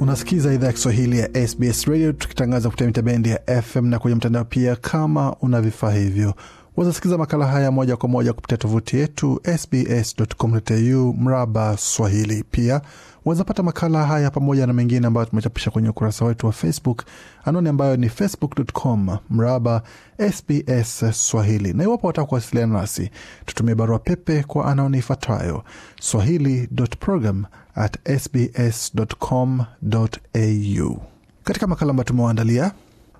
Unasikiza idhaa ya Kiswahili ya SBS Radio tukitangaza kupitia mita bendi ya FM na kwenye mtandao pia, kama una vifaa hivyo Wazasikiza makala haya moja kwa moja kupitia tovuti yetu sbs.com.au mraba Swahili. Pia wazapata makala haya pamoja na mengine ambayo tumechapisha kwenye ukurasa wetu wa Facebook, anwani ambayo ni facebook.com mraba SBS Swahili. Na iwapo wataka kuwasiliana nasi, tutumie barua pepe kwa anwani ifuatayo swahili.program@sbs.com.au. Katika makala ambayo tumewaandalia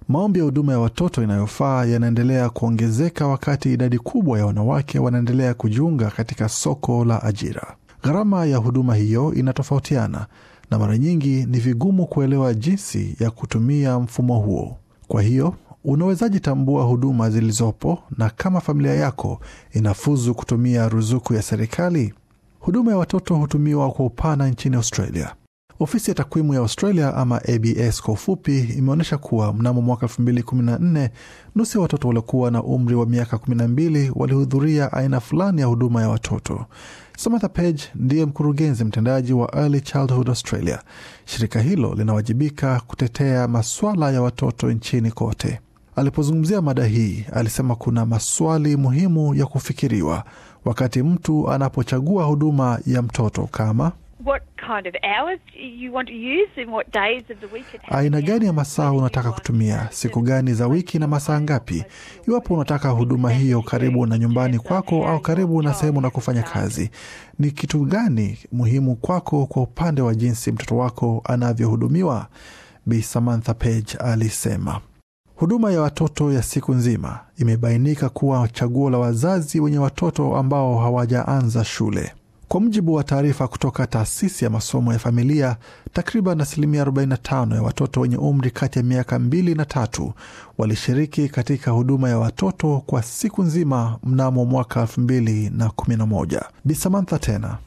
Maombi ya huduma ya watoto inayofaa yanaendelea kuongezeka wakati idadi kubwa ya wanawake wanaendelea kujiunga katika soko la ajira. Gharama ya huduma hiyo inatofautiana na mara nyingi ni vigumu kuelewa jinsi ya kutumia mfumo huo. Kwa hiyo unawezaji tambua huduma zilizopo na kama familia yako inafuzu kutumia ruzuku ya serikali. Huduma ya watoto hutumiwa kwa upana nchini Australia. Ofisi ya takwimu ya Australia ama ABS kwa ufupi imeonyesha kuwa mnamo mwaka 2014 nusu ya watoto waliokuwa na umri wa miaka 12 walihudhuria aina fulani ya huduma ya watoto. Samantha Page ndiye mkurugenzi mtendaji wa Early Childhood Australia. Shirika hilo linawajibika kutetea maswala ya watoto nchini kote. Alipozungumzia mada hii, alisema kuna maswali muhimu ya kufikiriwa wakati mtu anapochagua huduma ya mtoto kama What kind of hours you want to use and what days of the week it aina gani ya masaa unataka kutumia, siku gani za wiki na masaa ngapi? Iwapo unataka huduma hiyo karibu na nyumbani kwako au karibu na sehemu na kufanya kazi, ni kitu gani muhimu kwako kwa upande wa jinsi mtoto wako anavyohudumiwa? Bi Samantha Page alisema huduma ya watoto ya siku nzima imebainika kuwa chaguo la wazazi wenye watoto ambao hawajaanza shule. Kwa mujibu wa taarifa kutoka taasisi ya masomo ya familia, takriban asilimia 45 ya watoto wenye umri kati ya miaka mbili na tatu walishiriki katika huduma ya watoto kwa siku nzima mnamo mwaka 2011. Bi Samantha tena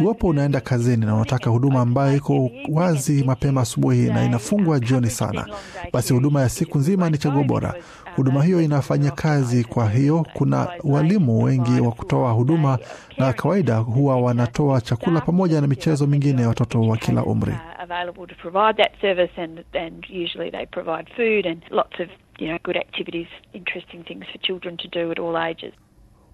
Iwapo unaenda kazini na unataka huduma ambayo iko wazi mapema asubuhi na inafungwa jioni sana, basi huduma ya siku nzima ni chaguo bora. Huduma hiyo inafanya kazi. Kwa hiyo kuna walimu wengi wa kutoa huduma, na kawaida huwa wanatoa chakula pamoja na michezo mingine ya watoto wa kila umri.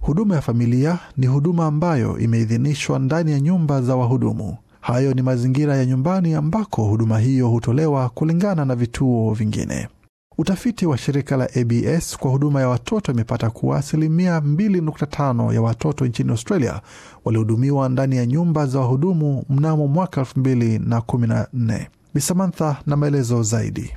Huduma ya familia ni huduma ambayo imeidhinishwa ndani ya nyumba za wahudumu. Hayo ni mazingira ya nyumbani ambako huduma hiyo hutolewa kulingana na vituo vingine. Utafiti wa shirika la ABS kwa huduma ya watoto imepata kuwa asilimia 2.5 ya watoto nchini Australia walihudumiwa ndani ya nyumba za wahudumu mnamo mwaka 2014. Bisamantha na maelezo zaidi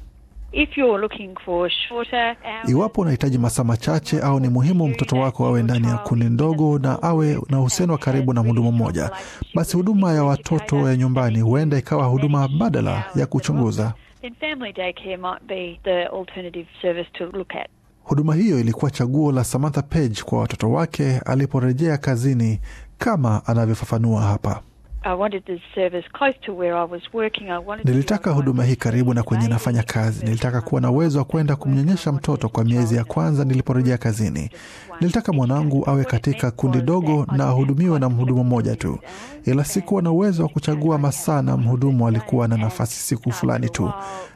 iwapo unahitaji masaa machache au ni muhimu mtoto wako awe ndani ya kundi ndogo na awe na uhusiano wa karibu na mhudumu mmoja, basi huduma ya watoto ya nyumbani huenda ikawa huduma badala ya kuchunguza. Huduma hiyo ilikuwa chaguo la Samantha Page kwa watoto wake aliporejea kazini, kama anavyofafanua hapa. Nilitaka huduma hii karibu na kwenye nafanya kazi. Nilitaka kuwa na uwezo wa kwenda kumnyonyesha mtoto kwa miezi ya kwanza niliporejea kazini. Nilitaka mwanangu awe katika kundi dogo na ahudumiwe na mhudumu mmoja tu, ila sikuwa na uwezo wa kuchagua masaa, na mhudumu alikuwa na nafasi siku fulani tu.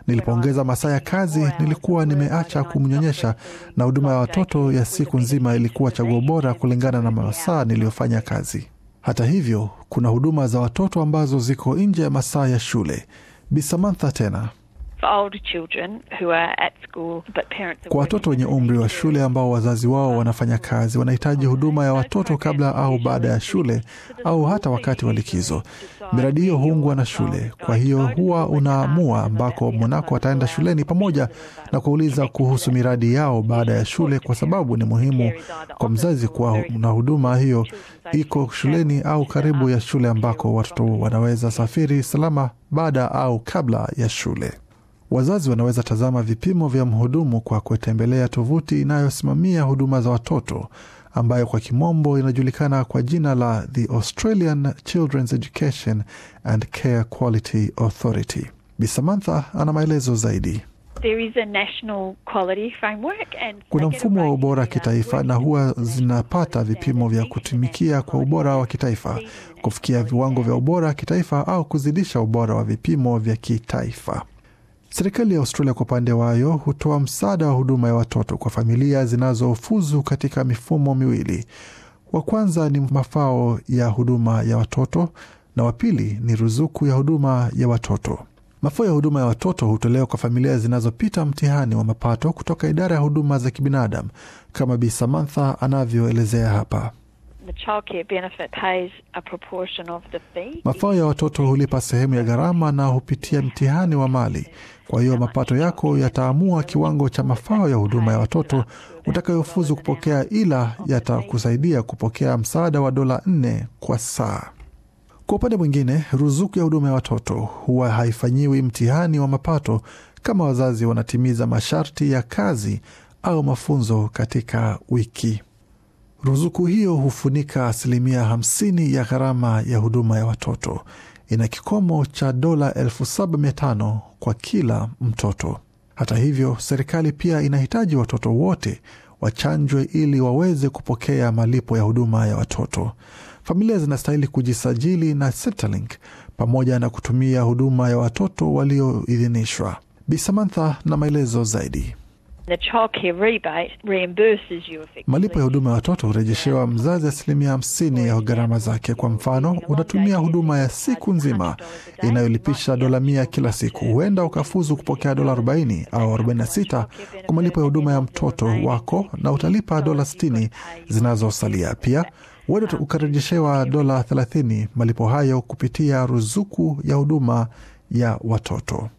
Nilipoongeza masaa ya kazi, nilikuwa nimeacha kumnyonyesha, na huduma ya watoto ya siku nzima ilikuwa chaguo bora kulingana na masaa niliyofanya kazi. Hata hivyo, kuna huduma za watoto ambazo ziko nje ya masaa ya shule. Bi Samantha tena kwa watoto wenye umri wa shule ambao wazazi wao wanafanya kazi, wanahitaji huduma ya watoto kabla au baada ya shule au hata wakati wa likizo. Miradi hiyo huungwa na shule, kwa hiyo huwa unaamua ambako mwanako ataenda shuleni pamoja na kuuliza kuhusu miradi yao baada ya shule, kwa sababu ni muhimu kwa mzazi kuwa na huduma hiyo iko shuleni au karibu ya shule ambako watoto wanaweza safiri salama baada au kabla ya shule. Wazazi wanaweza tazama vipimo vya mhudumu kwa kutembelea tovuti inayosimamia huduma za watoto ambayo kwa kimombo inajulikana kwa jina la The Australian Children's Education and Care Quality Authority. Bi Samantha ana maelezo zaidi. There is a national quality framework and kuna mfumo wa ubora uh, kitaifa na huwa zinapata vipimo vya kutumikia kwa ubora wa kitaifa, kufikia viwango vya ubora kitaifa au kuzidisha ubora wa vipimo vya kitaifa. Serikali ya Australia kwa upande wayo hutoa msaada wa huduma ya watoto kwa familia zinazofuzu katika mifumo miwili. Wa kwanza ni mafao ya huduma ya watoto na wa pili ni ruzuku ya huduma ya watoto. Mafao ya huduma ya watoto hutolewa kwa familia zinazopita mtihani wa mapato kutoka idara ya huduma za kibinadamu, kama Bi Samantha anavyoelezea hapa. Mafao ya watoto hulipa sehemu ya gharama na hupitia mtihani wa mali. Kwa hiyo mapato yako yataamua kiwango cha mafao ya huduma ya watoto utakayofuzu kupokea, ila yatakusaidia kupokea msaada wa dola nne kwa saa. Kwa upande mwingine, ruzuku ya huduma ya watoto huwa haifanyiwi mtihani wa mapato kama wazazi wanatimiza masharti ya kazi au mafunzo katika wiki. Ruzuku hiyo hufunika asilimia 50 ya gharama ya huduma ya watoto. Ina kikomo cha dola 7500 kwa kila mtoto. Hata hivyo, serikali pia inahitaji watoto wote wachanjwe ili waweze kupokea malipo ya huduma ya watoto. Familia zinastahili kujisajili na Centrelink pamoja na kutumia huduma ya watoto walioidhinishwa. Bi Samantha na maelezo zaidi. Malipo ya huduma ya watoto hurejeshewa mzazi asilimia hamsini ya gharama zake. Kwa mfano, unatumia huduma ya siku nzima inayolipisha dola mia kila siku, huenda ukafuzu kupokea dola 40 au 46 kwa malipo ya huduma ya mtoto wako, na utalipa dola 60 zinazosalia. Pia huenda ukarejeshewa dola 30 malipo hayo kupitia ruzuku ya huduma ya watoto.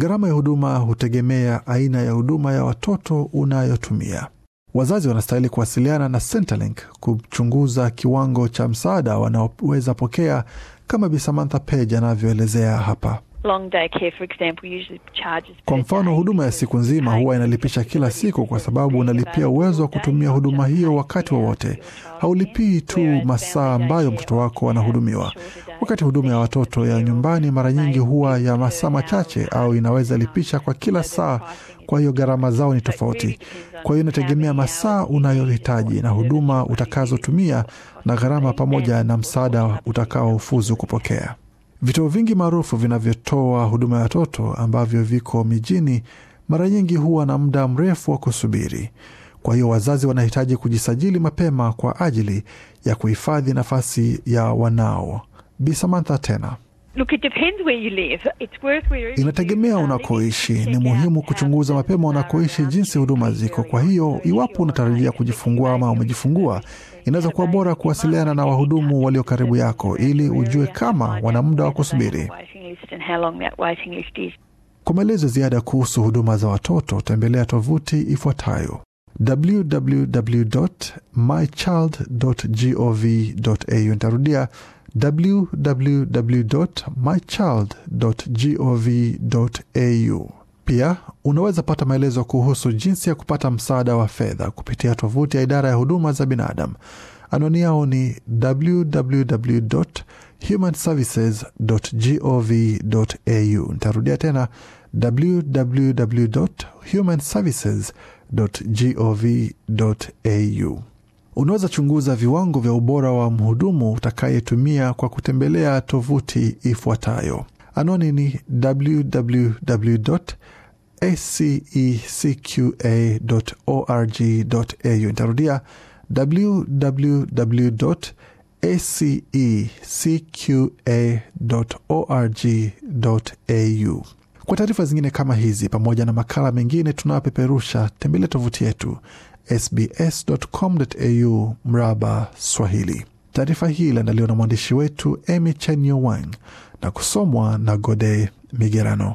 Gharama ya huduma hutegemea aina ya huduma ya watoto unayotumia. Wazazi wanastahili kuwasiliana na Centrelink kuchunguza kiwango cha msaada wanaoweza pokea, kama Bi Samantha Page anavyoelezea hapa. For example, usually charges kwa mfano huduma ya siku nzima huwa inalipisha kila siku, kwa sababu unalipia uwezo wa kutumia huduma hiyo wakati wowote. Haulipii tu masaa ambayo mtoto wako anahudumiwa. Wakati huduma ya watoto ya nyumbani mara nyingi huwa ya masaa machache, au inaweza lipisha kwa kila saa, kwa hiyo gharama zao ni tofauti. Kwa hiyo inategemea masaa unayohitaji na huduma utakazotumia na gharama, pamoja na msaada utakaofuzu kupokea. Vituo vingi maarufu vinavyotoa huduma ya watoto ambavyo viko mijini mara nyingi huwa na muda mrefu wa kusubiri. Kwa hiyo wazazi wanahitaji kujisajili mapema kwa ajili ya kuhifadhi nafasi ya wanao. Bi Samantha tena Inategemea unakoishi. Ni muhimu kuchunguza mapema unakoishi jinsi huduma ziko. Kwa hiyo, iwapo unatarajia kujifungua ama umejifungua, inaweza kuwa bora kuwasiliana na wahudumu walio karibu yako ili ujue kama wana muda wa kusubiri. Kwa maelezo ziada kuhusu huduma za watoto tembelea tovuti ifuatayo www.mychild.gov.au. Nitarudia www.mychild.gov.au. Pia unaweza pata maelezo kuhusu jinsi ya kupata msaada wa fedha kupitia tovuti ya idara ya huduma za binadamu. Anwani yao ni www.humanservices.gov.au. Nitarudia tena www.humanservices.gov.au. Unaweza chunguza viwango vya ubora wa mhudumu utakayetumia kwa kutembelea tovuti ifuatayo. Anwani ni www acecqa.org.au. Nitarudia www acecqa.org.au. Kwa taarifa zingine kama hizi pamoja na makala mengine tunayopeperusha, tembele tovuti yetu sbs.com.au mraba Swahili. Taarifa hii iliandaliwa na mwandishi wetu Emy chenyowang na kusomwa na Gode Migerano.